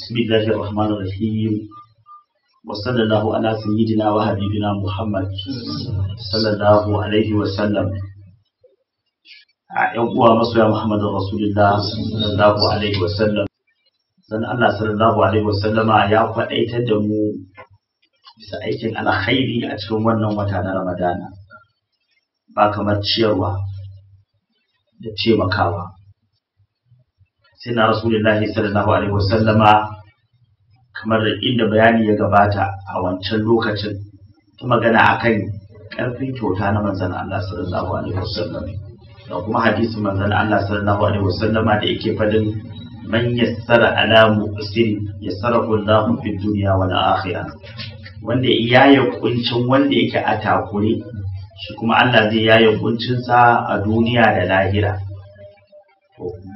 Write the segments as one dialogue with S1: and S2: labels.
S1: بسم الله الرحمن الرحيم وصلى الله على سيدنا وحبيبنا محمد صلى الله عليه وسلم ‘yan uwa masoya Muhammadu Rasulullah sallallahu alaihi wasallam san Allah sallallahu alaihi sallama ya faɗaitar da mu bisa aikin alkhairi a cikin wannan wata na Ramadana ba kamar ciyarwa da taimakawa sai na rasulullahi sallallahu alaihi wasallama kamar inda bayani ya gabata a wancan lokacin ta magana akan karfin kyauta na manzon Allah sallallahu alaihi wasallam da kuma hadisin manzon Allah sallallahu alaihi wasallama da yake fadin man yassara ala muqsir yassarahu Allah fi dunya wal akhirah wanda ya kuncin wanda yake a takure shi kuma Allah zai yaya kuncinsa a duniya da lahira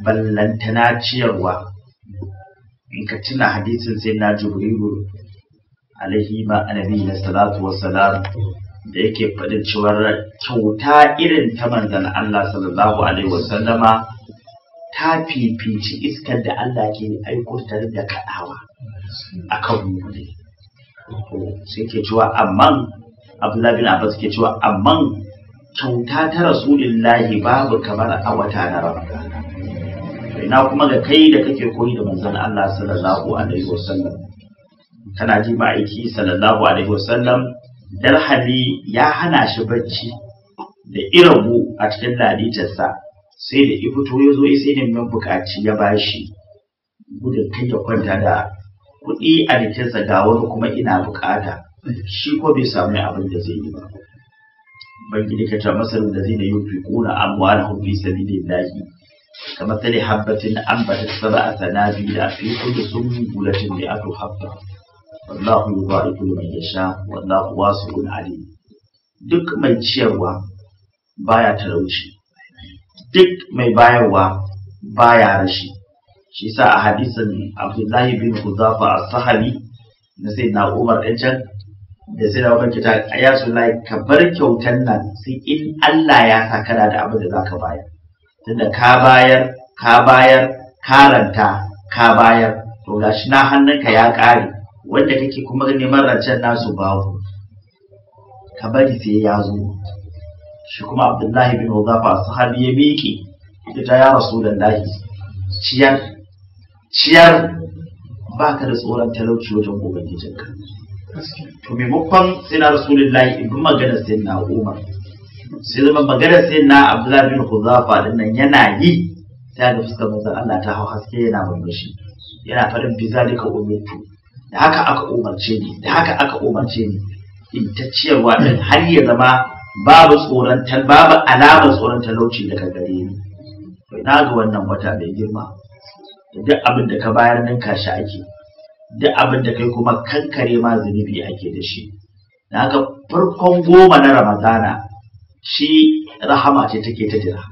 S1: ballantana ciyarwa in ka tuna hadisin sai na jibrilu alaihi ma annabi na salatu wassalam da yake faɗin cewar kyauta irin ta manzan Allah sallallahu alaihi wasallama ta fifici iskar da Allah ke aikotar da kaɗawa a kan sai ke cewa amman abdullahi bin abbas ke cewa amman kyauta ta rasulillahi babu kamar a wata na ramadana ina kuma ga kai da kake koyi da manzon Allah sallallahu alaihi wasallam kana ji aiki sallallahu alaihi wasallam dalhali ya hana shi bacci da irabu a cikin ladijarsa sai da ifito ya zo sai da mai bukaci ya bashi gudun kai ya kwanta da kuɗi a jikinsa ga wani kuma ina bukata shi ko bai samu abin da zai yi ba ubangiji ka ta masarin da zai da yufi kuna amwalahum fi sabilillahi كمثل حبة أنبتت سبع سنابل في كل سنبلة مئة حبة والله يبارك لمن يشاء والله واسع عليم duk mai ciyarwa baya talauci duk mai bayarwa baya rashi shi sa a hadisin abdullahi bin huzafa a sahabi na sai na umar ɗan can da sai na umar kita ya su ka bar kyautan nan sai in allah ya sa kana da abin da za ka bayar tunda ka bayar ka bayar karanta ka bayar to gashi na hannunka ya ƙare wanda kake kuma neman rancen nasu bawo ka bari sai ya zo shi kuma abdullahi bin huzafa sahabi ya miƙe ita ta ya rasulullahi ciyar ciyar baka da tsoron talauci wajen gobe jinka to maimakon sai na rasulullahi ibn maganar sai na umar sai zama maganar sai na abdullahi bin huzafa din nan yana yi ta ga fuskar manzon Allah ta hau haske yana murmushi yana faɗin bi duka umirtu da haka aka umarce ni da haka aka umarce ni in ta ciyarwa din har ya zama babu tsoron alamar tsoron talauci daga gare ni to na ga wannan wata mai girma duk abin da ka bayar ninka shi ake duk abin da kai kuma kankare ma zunubi ake da shi Na haka farkon goma na ramadana shi rahama ce take ta jira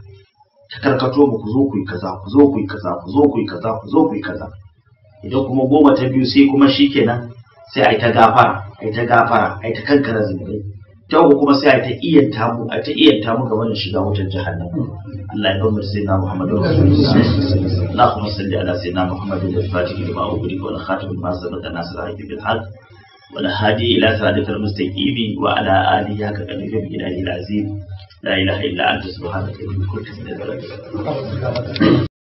S1: ta karkato mu ku zo ku yi kaza ku zo ku yi kaza ku zo ku yi kaza ku zo ku yi kaza idan kuma goma ta biyu sai kuma shi kenan sai a yi ta gafara a yi ta gafara a yi ta kankara zunubai ta uku kuma sai a yi ta iyanta mu, a ta iyanta mu ga wannan shiga wutar jahannam Allah ya sai na Muhammadu Allahumma salli ala sayyidina Muhammadin al-Fatih lima ughliqa wal khatim lima sabaqa nasr al-haqq bil haqq والهادي إلى صراطك المستقيم وعلى آله حق قدره الإله العظيم لا إله إلا أنت سبحانك إني كنت من الظالمين